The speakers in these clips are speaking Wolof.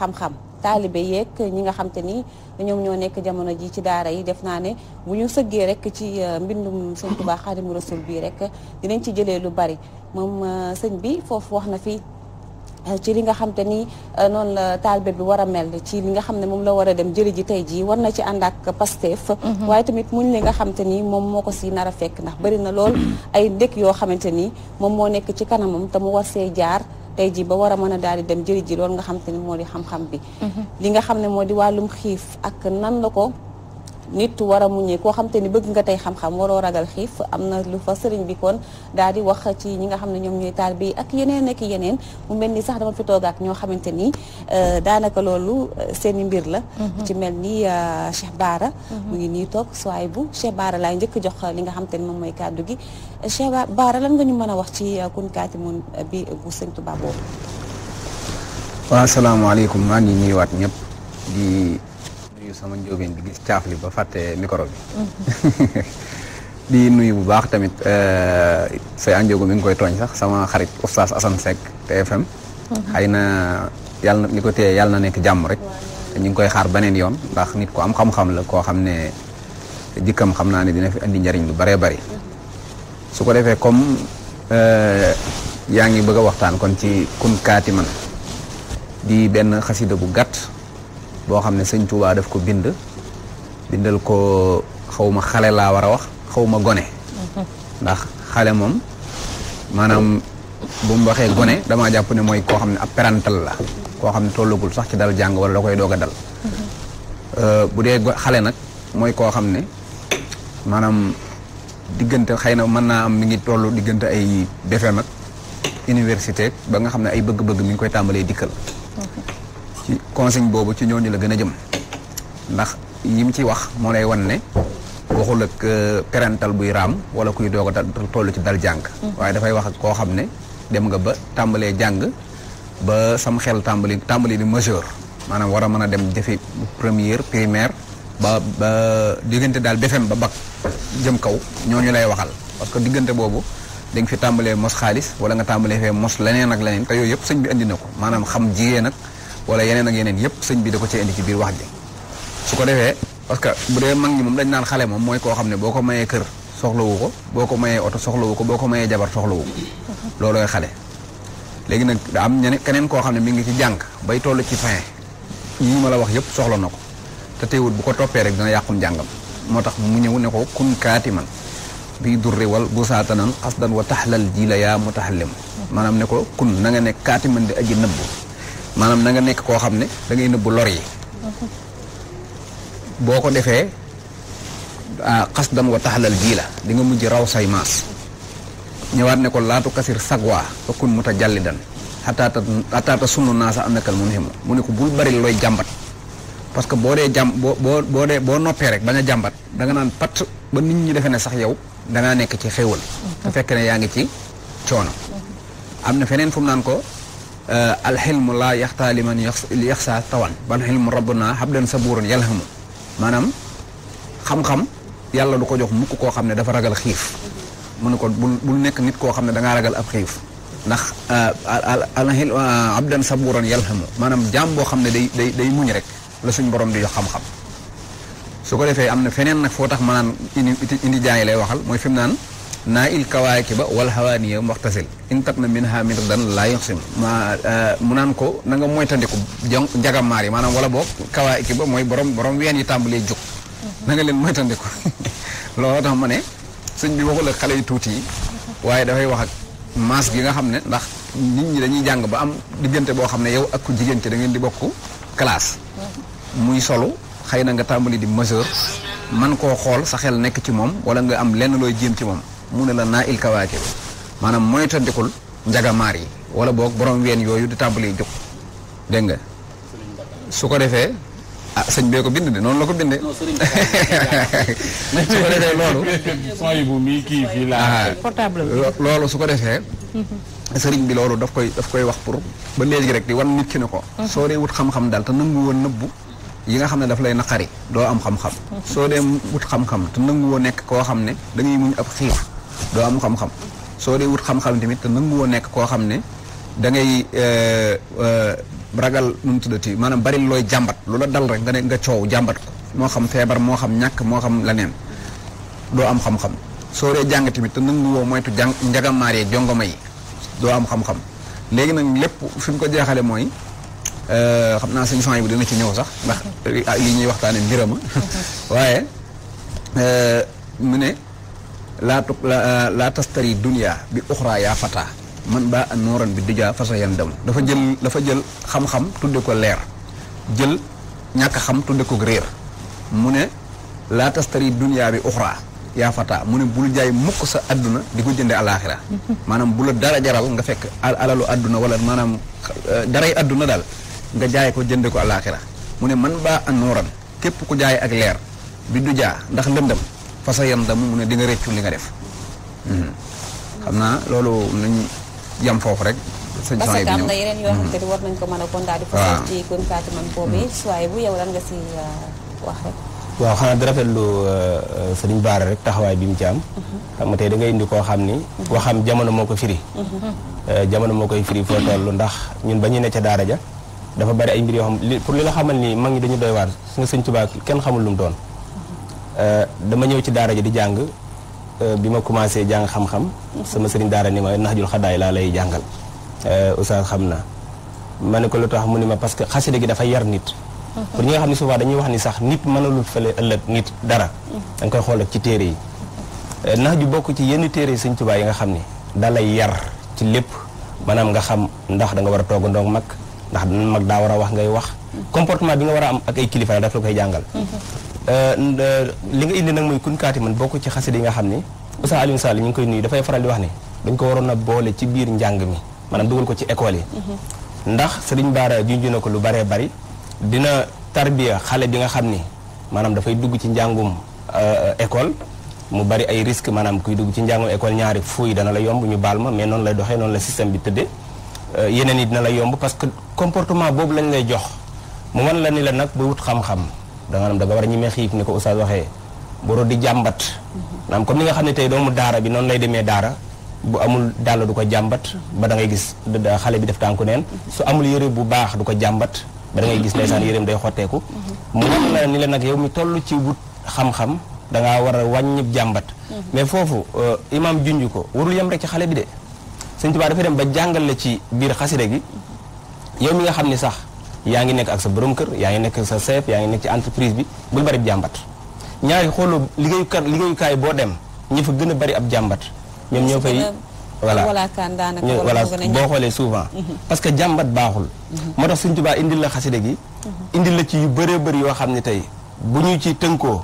xam-xam taalibe yeeg ñi nga xam te ni ñoom ñoo nekk jamono ji ci daara yi def naa ne bu ñu sëggee rek ci euh, mbindum sëñ Tuubaa Xaadimu Rasuul bii rek dinañ ci jëlee lu bari moom euh, sëñ bi foofu wax na fi euh, ci li nga xam te ni noonu la taalibe bi war a mel ci li nga xam ne moom la war a dem jëli ji tey jii war na ci ànd ak Pastef mhm. waaye tamit muñ li nga xam te ni moom moo ko si nar a fekk ndax bari na lool ay dëkk yoo xamante ni moom moo nekk ci kanamam te mu war see jaar tey ba war a mën a daal di dem jëri ji loolu nga xam te ne moo di xam-xam bi mm-hmm. li nga xam ne moo di wàllum xiif ak nan la ko nit war a muñee koo xam te ni bëgg nga tey xam-xam waroo ragal xiif am na lu fa sëriñ bi kon daal di wax ci ñi nga xam ne ñoom ñooy taal bi ak yeneen ak yeneen mu mel ni sax dama fi toog ak ñoo xamante ni euh, daanaka loolu euh, seeni mbir la mhm. ci mel ni euh, Cheikh Bara mhm. mu ngi nii toog soay bu Cheikh Bara laa njëkk jox li nga xam te ni moom mooy kàddu gi Cheikh Bara lan nga ñu mën a wax ci kun kaati bi bu sëñ Tuubaa boobu waaw asalaamaaleykum maa nuyu sama njóobeen bi gis caaf li ba fàtte micro bi. nuyu bu baax tamit say euh, anjoogu mi ngi koy tooñ sax sama xarit Oustaz Assane Seck TFM. xëy na yàlla na li ko téye yàlla na nekk jàmm rek. ñu ngi koy xaar beneen yoon ndax nit ko am xam-xam la koo xam ne jikkam xam naa ne dina fi indi njariñ lu baree bari. su ko defee comme euh, yaa ngi bëgg a waxtaan kon ci kun kaati man di benn xasida bu gàtt. boo xam ne sëñ Touba daf ko bind bindal ko ma xale laa war a wax ma gone ndax xale moom maanaam bu mu waxee gone damaa jàpp ne mooy koo xam ne ab perantal la koo xam ne tollagul sax ci dal jàng wala da koy doog a dal euh, bu dee xale nag mooy koo xam ne maanaam diggante xëy na mën naa am mi ngi toll diggante ay defee nag université ba nga xam ne ay bëgg-bëgg mi ngi koy tàmbalee dikkal ci consigne boobu ci ñooñu la gën a jëm ndax yim ci wax moo lay wan ne waxul ak euh, parental buy raam wala kuy doog a toll ci dal jàng mm-hmm. waaye dafay wax ak koo xam ne dem nga ba tàmbalee jàng ba sam xel tàmbali tàmbali di majeur maanaam war a mën a dem jëfi première primaire ba ba diggante daal befem ba bag jëm kaw ñoo ñu lay waxal parce que diggante boobu dañ fi tàmbalee mos xaalis wala nga tàmbalee fee mos leneen ak leneen te yooyu yëpp sëñ bi indi na ko maanaam wala yeneen ak yeneen yëpp sëñ bi da ko cee indi ci biir wax ji su ko defee parce que bu dee mag ñi moom dañ naan xale moom mooy koo xam ne boo ko mayee kër soxlawu ko boo ko mayee oto soxlawu ko boo ko mayee jabar soxlawu ko loolooy xale léegi nag am ñeneen keneen koo xam ne mi ngi ci jàng bay toll ci fin yii ma la wax yëpp soxla na ko te teewul bu ko toppee rek dina yàqum njàngam moo tax mu ñëw ne ko kun kaati man bii durri wal busaatanan xasdan wa taxlal ji la yaa mu taxallim maanaam ne ko kun na nga ne kaati man di maanaam na nga nekk koo xam ne da ngay bu lor yi boo ko defee xas ah, dam wa taxalal jii la di nga mujj raw say maas ñëwaat ne ko laatu kasir sagwa fa kun mu ta jàlli dan xataata xataata naa sax am nakal mun ximu mu ne ko bul bari looy jàmbat parce que boo dee jàm boo boo boo dee boo noppee rek ba a jàmbat da nga naan pat ba nit ñi defee ne sax yow dangaa nekk ci xéwal te fekk ne yaa ngi ci coono am na feneen fu naan ko alxilmu laa yaxtaali man yaxsaa tawan ban xilmu rabbuna habdan saburan yalhamu maanaam xam-xam yàlla du ko jox mukk koo xam ne dafa ragal xiif mu ne ko bul nekk nit koo xam ne da ragal ab xiif ndax alxil abdan saburan yalhamu maanaam jaam boo xam ne day day day muñ rek la suñ borom di jox xam-xam su ko defee am na feneen nag foo tax ma naan indi indi jaay lay waxal mooy fi mu naan naa il kawaakiba wal hawaaniya muxtasil in tat na min ha min dan laa yoxsim ma euh, mu naan ko na nga moytandiku njagamaar yi maanaam wala ki kawaakiba mooy borom borom ween yi tàmbalee jóg mhm. na nga leen moytandiku looloo tax ma ne sëñ bi waxul xale yu tuuti yi waaye dafay wax ak maas gi nga xam ne ndax nit ñi dañuy jàng ba am diggante boo xam ne yow ak ku jigéen ci da ngeen di bokk classe mhm. muy solo xëy na nga tàmbali di mesure man koo xool sa xel nekk ci moom wala nga am lenn looy jéem ci moom mu ne la naa il kawaakib maanaam moytandikul njagamaar yi wala boog boroom ween yooyu di tàmbali jóg dégg nga su ko defee ah sëñ bee ko bind noonu la ko bindee su ko defee loolu ah. loolu su ko defee sëriñ bi loolu daf koy daf koy wax pour ba léegi rek di wan nit ki ne ko mm-hmm. soo dee wut xam-xam daal te nangu woon nëbbu yi nga xam ne daf lay naqari doo am xam-xam mm-hmm. soo dee wut xam-xam te nangu nekk koo xam ne da ngay muñ ab xiif doo am xam-xam soo dee wut xam-xam tamit te nanguwoo nekk koo xam ne da ngay euh, euh, ragal nu mu tuddati maanaam bari looy jàmbat lu la dal rek nga ne nga coow jàmbat ko moo xam feebar moo xam ñàkk moo xam leneen doo am xam-xam soo dee jàng tamit te nanguwoo moytu jàng njagamaar yi jongoma yi doo am xam-xam léegi nag lépp fi ko jeexale mooy euh, xam naa suñu fan bu dina ci ñëw sax ndax ah, li ñuy waxtaane mbirama waaye mu ne laa tu laa euh, tastari dunia bi uxraa yaa fata man baa an nooran bi dijaa fasa yan dem dafa jël dafa jël xam-xam tudde ko leer jël ñàkk xam tudde ko réer mu ne laa tastari dunia bi uxraa yaa fata mu ne bul jaay mukk sa àdduna di ko jënde alaaxira maanaam bu la dara jaral nga fekk alalu adduna wala maanaam euh, daray àdduna daal nga jaay ko jënde ko alaaxira mu ne man baa an képp ku jaay ak leer bi du ndax lëndëm fa sa yam da mu ne di nga li nga def. Mhm. xam naa loolu nañ yam foofu rek. sëñ bi parce mhm. a kon daal di. Mhm. bu yow lan nga si euh, wax rek. waaw xanaa di rafetlu euh, euh, sëriñ Baara rek taxawaay bi mu ci am. xam da ngay indi koo xam ni. waxam jamono moo ko firi. jamono moo koy firi foo toll ndax ñun ba ñuy ne ca daara ja dafa bari ay mbir yoo xam pour li la xamal ni mag ñi dañu doy waar su nga sëñ Tuubaa kenn xamul lu doon. Euh, dama ñëw ci daara ji di jàng euh, bi ma commencé jàng xam-xam sama sëriñ daara ni ma naxjul xadaay laa lay jàngal euh, oustaz xam na ma ne ko lu tax mu ni ma parce que xasida gi dafa yar nit mhm. pour ñi nga xam ne dañuy wax ni sax nit mënalul fële ëllëg nit dara mhm. da koy xool ci téere yi nax ju bokk ci yenn téere yi sëñ yi nga xam ni da lay yar ci lépp maanaam nga xam ndax danga war a toog ndoog mag ndax mag daa war a wax ngay wax mhm. comportement bi nga war a am ak ay kilifa daf koy jàngal Euh, euh, li nga indi nag mooy kun kaati man bokk ci xasida yi nga xam ni Oustaz Alioune Sall ñu ngi koy nuyu dafay faral di wax ni dañ ko waroon a boole ci biir njàng mi maanaam dugal ko ci école yi mm-hmm. ndax Serigne Bara junj na ko lu baree bari dina tarbiya xale bi nga xam ni maanaam dafay dugg ci njàngum euh, école mu bari ay maanaam kuy dugg ci école ñaari fuuy dana la yomb ñu baal ma mais noonu lay doxee noonu la système bi tëddee yeneen yi dina la yomb parce que comportement boobu lañ lay jox mu wan la ni la nag ba wut da maanaam da war a ñemee xiif ni ko oustaz waxee boro di jàmbat maanaam ko ni nga xam ne tey doomu daara bi noonu lay demee daara bu amul dàll du ko jàmbat ba da ngay gis xale bi def tànku neen su amul yëre bu baax du ko jàmbat da ngay gis ndeysaan yëreem day xotteeku mu wax la ni la nag yow mi toll ci wut xam-xam dangaa war a wàññib jàmbat mais foofu euh, imaam junj ko warul yam rek ci xale bi de sëñ Tuubaa dafay dem ba jàngal la ci biir xasida gi yow mi nga xam ni sax yaa ngi nekk ak sa borom kër yaa ngi nekk sa chef yaa ngi nekk ci entreprise bi bul bari jàmbat ñaari xooloo liggéeyukaay liggéeyukaay boo dem ñi fa gën a bari ab jàmbat ñoom ñëw fay voilà voilà boo xoolee souvent mhm. parce que jàmbat baaxul mhm. moo tax Sëñ Tuubaa indil la xaside gi mhm. indil la ci yu bëree bëri yoo xam ne tey bu ñu ci tënkoo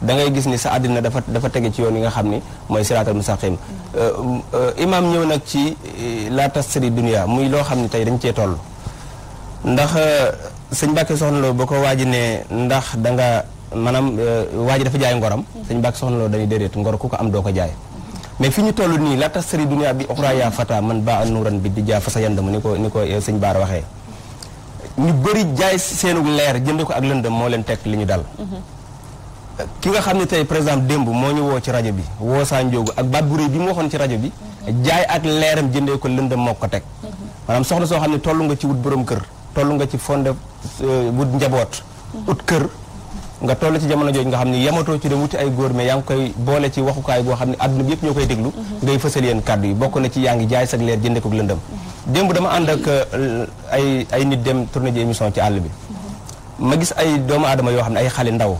da ngay gis ni sa àddina dafa dafa tege ci yoon yi nga xam ni mooy siraatal mustaqim euh, euh, imaam ñëw nag ci euh, la tasri dunia muy loo xam ne tey dañ cee toll ndax euh, sëñ Mbàkke Soxna Lo boo ko waaji ne ndax da nga maanaam euh, waaji dafa jaay ngoram sëñ Mbàkke Soxna Lo dañuy déedéet ngor ku am doo ko jaay mais fi ñu toll nii la tas sëri dunia bi oxra ya fata man ba anuuran bi di jaa fasa yandam ni ko ni ko euh, sëñ Baara waxee ñu bëri jaay seenu leer jënd ko ak lëndëm moo leen teg li dal mm-hmm. ki nga xam ne tey par exemple démb moo ñu ci rajo bi woo saa njóogu ak baat bu bi mu waxoon ci rajo bi mm-hmm. jaay ak leeram jëndee ko lëndëm moo ko teg mm-hmm. maanaam soxna soo xam ne toll nga ci wut borom kër toll nga ci fonde euh, wut njaboot mm-hmm. ut kër nga toll ci jamono jooju nga xam ne yematoo ci dem wuti ay góor mais yaa ngi koy boole ci waxukaay boo xam ne adduna bi yëpp ñoo koy déglu mm-hmm. ngay fësal yéen kàddu yi bokk na ci yaa ngi jaay sag leer jënde ko lëndëm mm-hmm. démb dama ànd ak euh, ay nit dem tourné ji émission ci àll bi ma gis ay doomu aadama yoo xam ne ay xale ndaw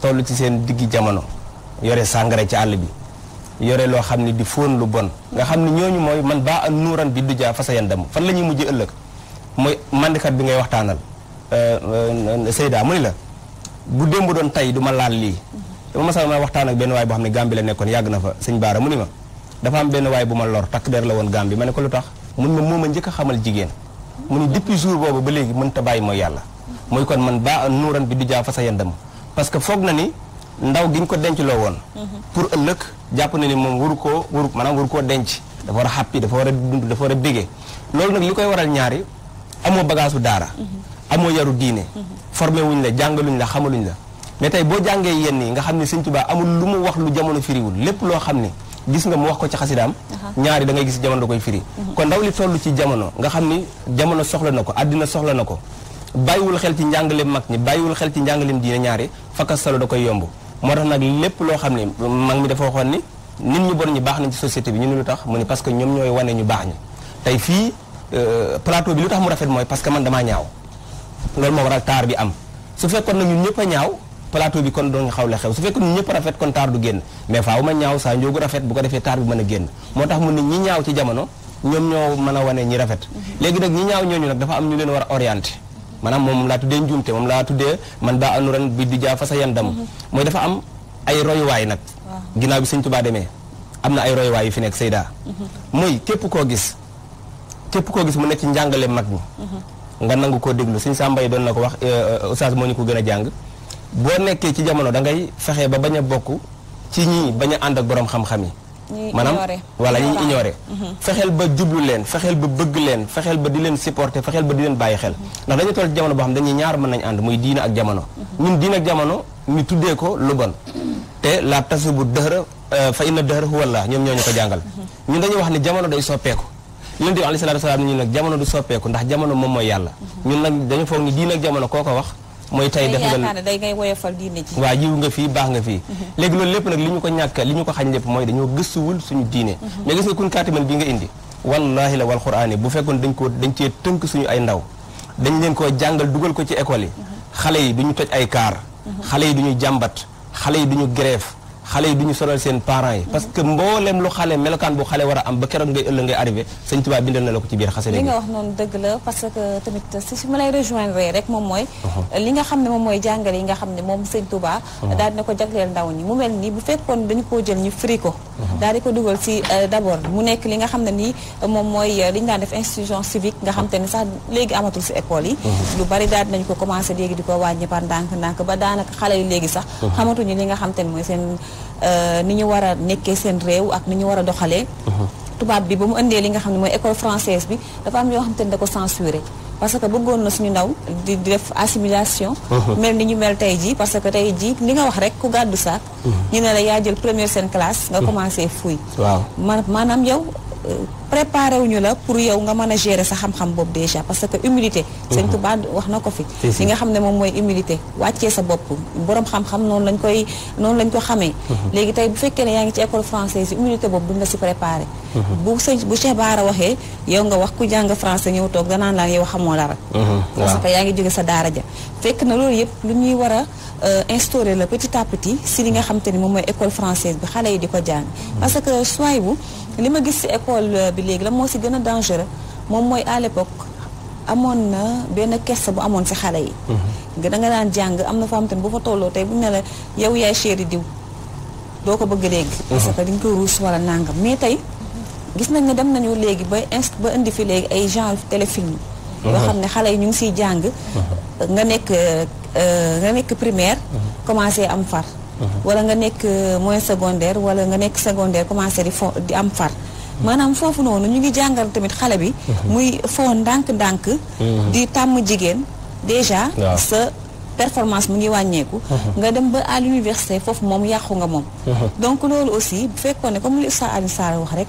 toll ci seen diggi jamono yore sàngare ci àll bi yore loo xam ni di fóon lu bon nga xam ni ñooñu mooy man baa an nuuran bi du jaa fasa yandam fan la ñuy mujjee ëllëg mooy mandikat bi ngay waxtaanal euh, euh, Seyda mu ni la bu démb doon tey du ma laal lii dama masal ma waxtaan ak benn waay boo xam ne Gàmbi la nekkoon yàgg na fa sëñ Baara mu ni ma dafa am waay bu ma lor der la woon Gàmbi ma ne ko lu tax mun ma moo ma njëkk xamal jigéen mu ni jour boobu ba léegi mënut bàyyi mooy yàlla muy kon man baa nuuran bi du jaa sa yandam parce que foog na ni ndaw gi ñu ko denc loo woon pour ëllëg jàpp na ni moom waru koo waru man a waru koo denc dafa war a xàppi dafa war a dund dafa war a bégee loolu nag li koy waral ñaari amoo bagage bu daara. Mhm. amoo yaru diine. Mhm. formé wuñ la jàngaluñ la xamaluñ la mais tey boo jàngee yenn yi nga xam ne Sëñ Tuubaa amul lu mu wax lu jamono firiwul lépp loo xam ne gis nga mu wax ko ci xasidaam ñaari da ngay gis jamono da koy firi. Mhm. kon ndaw li lu ci jamono nga xam ni jamono soxla na ko àddina soxla na ko bàyyiwul xel ci njàngaleem mag ñi bàyyiwul xel ci njàngaleem diine ñaari fakkas solo da koy yomb moo tax nag lépp loo xam ne mag mi dafa waxoon ni nit ñu ñi baax nañ ci société bi ñu lu tax mu ne parce que ñoom ñooy wane ñu baax ñi Euh, plateau bi lu tax mu rafet mooy parce que man damaa ñaaw loolu moo a taar bi am su fekkoon na ñun ñëpp ñaaw plateau bi kon doon nga xaw la xew su fekk ñun ñëpp rafet kon taar du génn mais faaw ma ñaaw saa njoogu rafet taar bi mën moo tax mu ne ñi ñaaw ci jamono ñoom ñoo mën wane ñi rafet mhm. léegi nag ñi ñaaw ñooñu nag dafa am ñu leen war a orienté maanaam moom laa tuddee njuumte moom laa tuddee man baa anuran bi di jaa fasa yan dam mhm. mooy dafa am ay royuwaay nag ginnaaw bi sëñ baa demee am na ay royuwaay yu fi nekk Seyda mhm. mooy képp koo gis képp koo gis mu nekk ci njàngale mag ñi mhm. nga nangu koo déglu suñ sàmba yi doon na ko wax euh, euh, oustaz moo ñu ko gën a jàng boo nekkee ci jamono da ngay fexe ba bañ a bokk ci ñii bañ a ànd ak borom xam-xam yi maanaam voilà ñi ignoré mhm. fexeel ba jublu leen fexeel ba bëgg leen fexeel ba di leen supporter fexeel ba di leen bàyyi xel mhm. ndax dañu toll ci jamono boo xam dañuy ñaar mën nañ ànd muy diina ak jamono ñun diina ak jamono ñu tuddee ko lu bon te la tasibu dëhëra euh, fa inna dëhëra huwallah ñoom ñoo ko jàngal ñun dañuy wax ne jamono day soppeeku yonent bi alayhi salaatu wasalaam ne ñun nag jamono du soppeeku ndax jamono moom mooy yàlla mhm. ñun nag dañu foog ni diin jamono koo ko wax mooy tey def nga day ngay woyofal diine ji waaw jiw nga fii baax nga fii mhm. léegi loolu lépp nag li ñu ko ñàkk li ñu ko xañ lépp mooy dañoo gëstuwul suñu diine mhm. mais gis nga kun kaati man bi nga indi wallaahi la wal quraan bu fekkoon dañ ko dañ cee tënk suñu ay ndaw dañ leen koo jàngal dugal ko ci école yi xale yi du ñu toj ay kaar xale yi du ñu jàmbat xale yi du ñu grève xale yi du ñu sonal seen parents yi parce que mboolem lu xale melokaan bu xale war a am ba keroog ngay ëllëg ngay arrivé sëñ Tuubaa bindal na la ko ci biir xasida li nga wax noonu dëgg la parce que tamit si ma lay rejoindre rek moom mooy uh-huh. li nga xam ne moom mooy jàngale yi nga xam ne moom sëñ Tuubaa uh-huh. daal ko jagleel ndaw ñi mu mel ni bu fekkoon dañu koo jël ñu firi ko Uh-huh. daal di ko dugal si euh, d'abord mu nekk li nga xam ne ni moom mooy euh, li ñu daan def institution civique nga xam te ne sax léegi amatul si école yi uh-huh. lu bari daal dinañ ko commencé léegi di ko wàññi par ndànk-ndànk ba daanaka xale yi léegi sax uh-huh. xamatuñu li nga xam te ne mooy seen euh, ni ñu war a nekkee seen réew ak ni ñu war a doxalee tubaab bi ba mu indee li nga xam ne mooy école française bi dafa am yoo xam te ne da ko censuré parce que bëggoon na suñu ndaw di def assimilation uh-huh. mel ni ñu mel tey jii parce que tey ji li nga wax rek ku gàddu saak uh-huh. ñu ne la yaa jël première seen classe nga uh-huh. commencé fuuy waaw maanaam yow préparé wuñu la pour yow nga mën a gérer sa xam-xam boobu déjà parce que humilité sëñ mhm. Tuubaa wax na ko fi li nga xam ne moom mooy mhm. école française la si préparé mhm. bu bu Cheikh Bara waxee yow nga wax ku jàng français ñëw toog danaan laan yow xamoo dara parce que sa daara ja fekk na loolu lu ñuy a euh, instaurer le petit à petit si li nga xam te moom mooy école française bi xale yi di ko jàng parce que soy bu li ma gis si école euh, bi léegi la moo si gën a dangereux moom mooy à l'époque amoon na benn kersa bu amoon si xale yi. Mm-hmm. nga daan jàng am na foo bu fa tolloo tey bu ne la yow yaay chéri diw doo ko bëgg dégg. Mm-hmm. parce que dañ koy ruus wala nangam mais tey mm-hmm. gis nañ ne dem nañu léegi ba inst ba indi fi léegi ay genre téléfilm. yoo xam ne xale yi ñu ngi siy jàng. nga nekk euh, nga nekk primaire. commencé am far. wala nga nekk euh, moyen secondaire wala nga nekk secondaire commencé di fo di am far. maanaam foofu noonu ñu ngi jàngal tamit xale bi mhm. muy foo ndànk-ndànk mhm. di tàmm jigéen déjà sa performance mu ngi wàññeeku mhm. nga dem ba à l'université foofu moom yàqu nga moom donc loolu aussi bu fekkoon ne comme sa Oustaz Alioune Sarr wax rek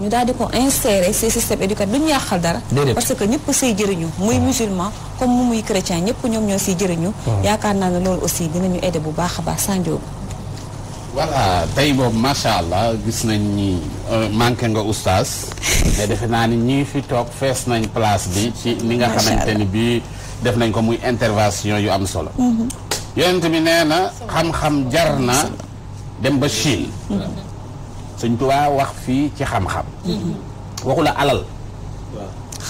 ñu daal di ko insérer ci système éducatif duñu yàqal dara parce que ñëpp say jëriñu muy musulman comme mu muy chrétien ñëpp ñoom ñoo siy jëriñu yaakaar naa ne loolu aussi ñu aider bu baax a baax sandioobu voilà tey boobu macha allah gis nañ ni euh, manqué nga oustaz. te defe naa ni ñii fi toog fees nañ place bi. ci ni nga xamante ni bii def nañ ko muy intervention yu am solo. Mm-hmm. yonent bi na xam-xam jar na dem ba Chine. Mm-hmm. Sëñ Tuubaa wax fii ci xam-xam. Mm-hmm. waxu la alal.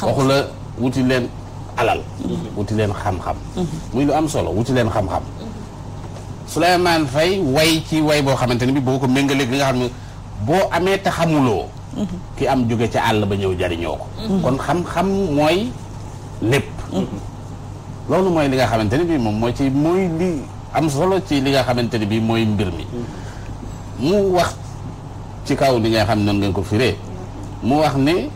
waxu la wuti leen alal. wuti leen xam-xam. muy lu am solo wuti leen xam-xam. Souleymane fay way ci way boo xamante ne bi boo ko méngaleeg li nga xam ne boo amee te xamuloo ki am jóge ca àll ba ñëw jariñoo ko kon xam-xam mooy lépp loolu mooy li nga xamante ne bi moom mooy ci mooy li am solo ci li nga xamante ne bi mooy mbir mi mu wax ci kaw li nga xam noonu ngeen ko firee mu wax ne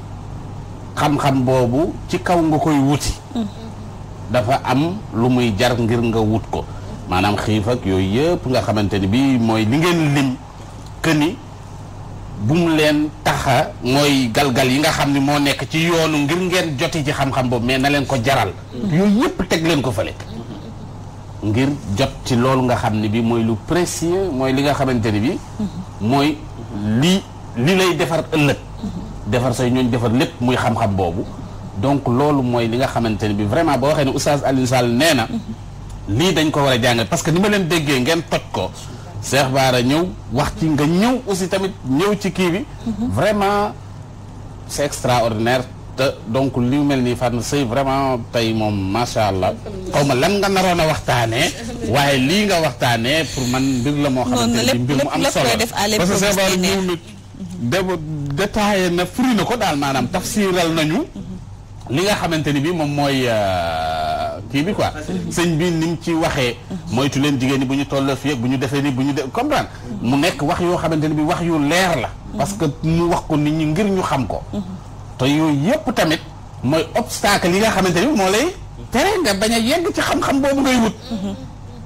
xam-xam boobu ci kaw nga koy wuti mm-hmm. dafa am lu muy jar ngir nga wut ko maanaam xiif ak yooyu yëpp nga xamante ni bii mooy li ngeen lim que ni bu mu leen tax mooy galgal yi nga xam ni moo nekk ci yoonu ngir ngeen joti ci xam-xam boobu mais na leen ko jaral. yooyu yëpp teg leen ko fële. ngir jot ci loolu nga xam ni bii mooy lu précieux mooy li nga xamante ni bii. mooy li li lay defar ëllëg. defar say ñooñ defar lépp muy xam-xam boobu. donc loolu mooy li nga xamante ni bii vraiment boo waxee ne Oustaz Alioune Sall nee na. lii dañ ko war a jàngal parce que ni ma leen déggee ngeen toj ko Cheikh Bara ñëw wax ci nga ñëw aussi tamit ñëw ci kii bi mhm. vraiment c'est extraordinaire te donc li mel nii Fatma Seye vraiment tey moom macha allah xaw ma lan nga naroon a waxtaanee waaye lii nga waxtaanee pour man mbir la moo xamante ni mu am solo parce que Cheikh Bara ñëw na déba détaillé na furi na ko daal maanaam tafsiral nañu mhm. li nga xamante ni bi moom mooy euh, kii bi quoi sëñ bii ni mu ci waxee moytu leen jigéen ñi bu ñu tolloo fii ak bu ñu defee nii bu ñu de comprendre mu nekk wax yoo xamante ne bi wax yu leer la parce que mu wax ko nit ñi ngir ñu xam ko te yooyu yëpp tamit mooy obstacle yi nga xamante ni moo lay tere nga bañ a yegg ci xam-xam boobu ngay wut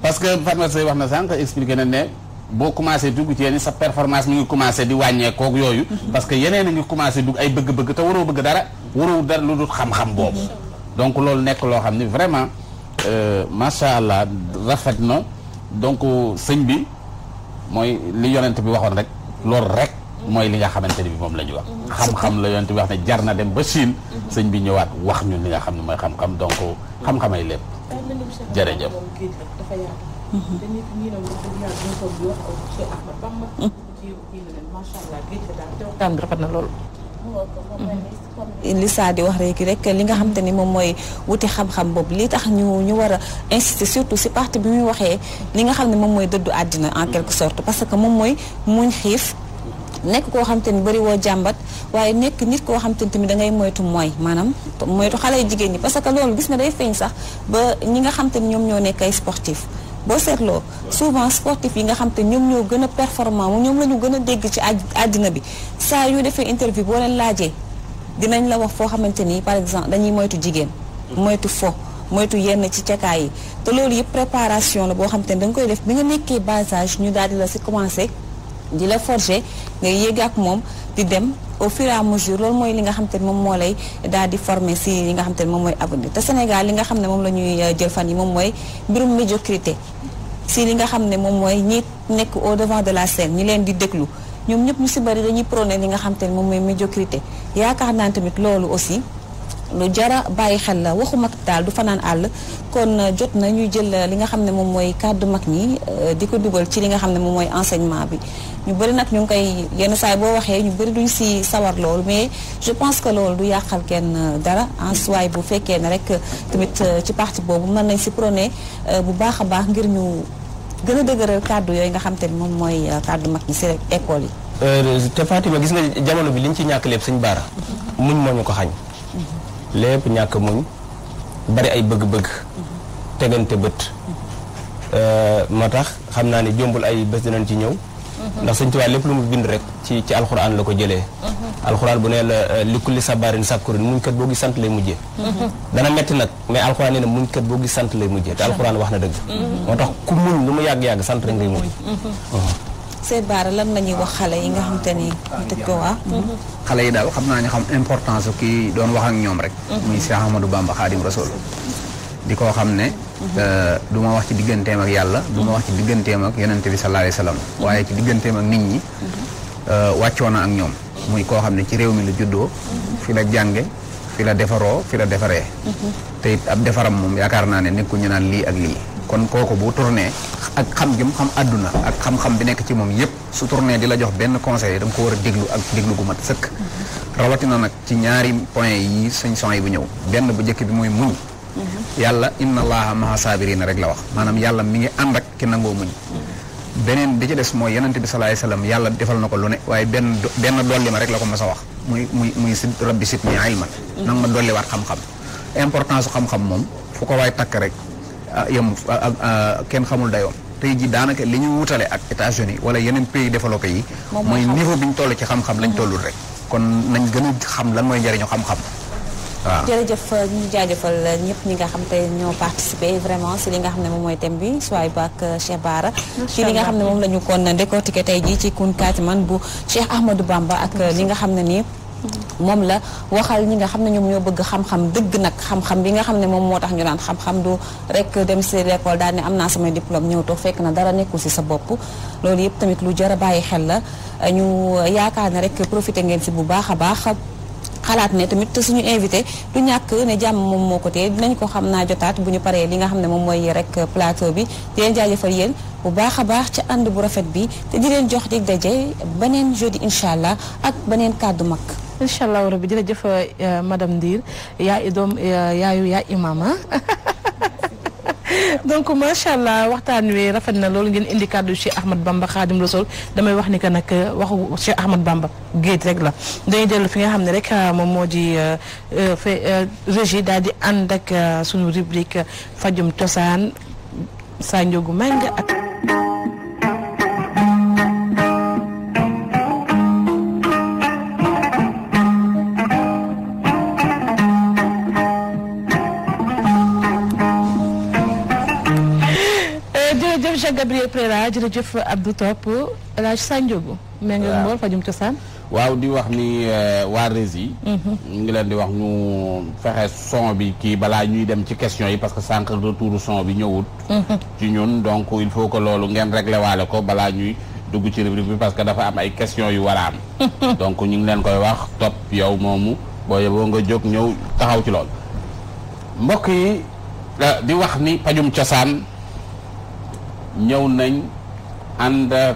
parce que Fatma Seye wax na sànq expliqué na ne boo commencé dugg ci yenn sa performance mi ngi commencé di wàññeekook yooyu parce que yeneen a ngi commencé dugg ay bëgg-bëgg te waroo bëgg dara waroo dara lu dul boobu donc loolu nekk loo xam ni vraiment euh, macha allah rafet na donc sëñ bi mooy li yonent bi waxoon rek loolu rek mooy li nga xamante ni bi moom la ñu wax mm-hmm. xam-xam la yonent bi wax ne jar na dem ba Chine mm-hmm. sëñ bi ñëwaat wax ñu li nga xam ne mooy xam-xam donc xam-xamay lépp jërëjëf mm-hmm. dañu rafet na loolu li saa di wax rek rek li nga xam te ni moom mooy wuti xam-xam boobu li tax ñu ñu war a insister surtout si partie bi muy waxee li nga xam ne moom mooy dëddu àddina en quelque sorte parce que moom mooy muñ xiif nekk koo xam te ni bëri woo jàmbat waaye nekk nit koo xam te ni tamit dangay moytu mooy maanaam moytu xale yu jigéen ñi parce que loolu gis nga day feeñ sax ba ñi nga xam te ni ñoom ñoo nekk ay sportif boo seetloo souvent sportif yi nga xam te ñoom ñoo gën a performant ñoom la ñu gën a dégg ci àddina bi saa yu defee interview boo leen laajee dinañ la wax foo xamante ni par exemple dañuy moytu jigéen moytu fo moytu yenn ci cakaay yi te loolu yëpp préparation la boo xam te ne da koy def bi nga nekkee bassage âge ñu daal di la si commencé di la forger nga yéeg ak moom di dem au fur et à loolu mooy li nga xam te ne moom moo lay daal di former si li nga xam te ne moom mooy avenir te Sénégal li nga xam ne moom lañuy ñuy euh, jël fan yi moom mooy mbirum médiocrité si li nga xam ne moom mooy ñi nekk au devant de la scène ñi leen di déglu ñoom ñëpp ñu si bëri dañuy prôné li nga xam te ne moom mooy médiocrité yaakaar naa tamit loolu aussi lu jara bàyyi xel la waxu mag daal du fanaan àll kon euh, jot na ñu jël euh, li nga xam ne moom mooy kàddu mag ñi euh, di ko dugal ci li nga xam ne moom mooy enseignement bi ñu bëri nag ñu ngi koy yenn saay boo waxee ñu bëri duñ si sawar loolu mais je pense que loolu du yàqal kenn dara en soi bu fekkee ne rek tamit ci parti boobu mën nañ si prôné bu baax a baax ngir ñu gën a dëgëral kàddu yooy nga xam te ne moom mooy kàddu mag ñi si école yi. te Fatima gis nga jamono bi liñ ci ñàkk lépp sëñ Baara. muñ moo ñu ko xañ. lépp ñàkk muñ bari ay bëgg-bëgg tegante bët euh, moo tax xam naa ni jombul ay bés dinañ ci ñëw mhm. ndax sëñ Tuubaa lépp lu mu bind rek ci ci alxuraan la ko jëlee mhm. alxuraan bu nee la euh, likulli sabarin sakkurin muñ kat boo gi sant lay mujjee mhm. dana metti nag mais alxuraan nee na muñ kat boo gi sant lay mujjee te alxuraan wax na dëgg moo tax ku muñ lu mu yàgg-yàgg sant rek ngay mujj Sey Bara lan la ñuy wax xale yi nga xam te ni tëj ko waa xale yi daal xam naa ñu xam importance su kii doon wax ak ñoom rek mhm. muy Cheikh Ahmadou Bamba Khadim Rasoul di koo xam ne mhm. euh, du ma wax ci digganteem ak yàlla du ma mhm. wax ci digganteem ak yonent bi sallallahu alayhi wasallam waaye ci digganteem ak nit ñi euh, wàccoo na ak ñoom muy koo xam ne ci réew mi la juddoo fi la jànge fi la defaroo fi la defaree te it ab defaram moom yaakaar naa ne nekkuñu naan lii ak lii kon kooku bu tourné ak xam jëm xam àdduna ak xam-xam bi nekk ci moom yépp su tourné di la jox benn conseil da nga ko war a déglu ak déglu gu mat sëkk rawatina nag ci ñaari point yi sëñ son yi bu ñëw benn bu njëkk bi mooy muñ yàlla inna allaha maha saabirina rek la wax maanaam yàlla mi ngi ànd ak ki nangoo muñ beneen bi ci des mooy yonente bi salaay salaam yàlla defal na ko lu ne waaye benn benn dolli ma rek la ko mas a wax muy muy muy si rabbi sit ni ilman mm-hmm. nanga ma dolliwaat xam-xam importance xam-xam moom fu ko waay takk rek Ah, yem ah, ah, kenn xamul dayoom tey ji daanaka li ñu wutale ak États-Unis wala yeneen pays développé yi mooy niveau bi ñu toll ci xam-xam lañ mhm. tollul rek kon nañ gën xam lan mooy njëriñu xam-xam waaw jërëjëf euh, ñu jaajëfal euh, ñëpp ñi nga xam te ñoo participer vraiment si li nga xam ne moom mooy thème bi Souaïb ak euh, Cheikh li nga xam ne moom la ñu kon décortiqué tey ji ci kunkaatiman bu Cheikh Ahmadou Bamba ak li nga xam ne nii moom la waxal ñi nga xam ne ñoom ñoo bëgg xam-xam dëgg nag xam-xam bi nga xam ne moom moo tax ñu naan xam-xam du rek dem si l'école daal am naa samay diplôme ñëw toog fekk na dara nekkul si sa bopp loolu yëpp tamit lu jar a bàyyi xel la ñu yaakaar ne rek profité ngeen si bu baax a baax xalaat ne tamit suñu invité du ñàkk ne jàmm moom moo ko tee dinañ ko xam naa jotaat bu ñu paree li nga xam ne moom mooy rek plateau bi di leen jaajëfal yéen bu baax a baax ci ànd bu rafet bi di leen jox dig daje beneen jeudi incha allah ak beneen kàddu mag incha allahu rabbi jërëjëf euh, madame Ndir yaay doom euh, yaayu yaay imam ah. donc macha allah waxtaan wi rafet na loolu ngeen indi kàddu Cheikh Ahmad Bamba Xaadim Rasul damay wax ni que nag euh, waxu Cheikh Ahmad Bamba géej rek la dañuy dellu fi nga xam ne rek moom moo di fa régie daal di ànd ak sunu rubrique fajum cosaan saa njogu màng ak. Cheikh Gabriel Préra jërëjëf Abdou Top El Hadj Sanjogu mais nga mbool fajum cosaan waaw di wax ni euh, waa Rési yi mhm. ñu ngi leen di wax ñu fexe son bi kii balaa ñuy dem ci question yi parce que sànq retour son bi ñëwut mhm. ci ñun donc il faut que loolu ngeen réglé waale ko balaa ñuy dugg ci rubrique bi parce que dafa am ay question yu war mhm. donc ñu ngi leen koy wax Top yow moomu boo yeboo nga jóg ñëw taxaw ci lool mbokk euh, di wax ni pajum cosaan ñëw nañ ànd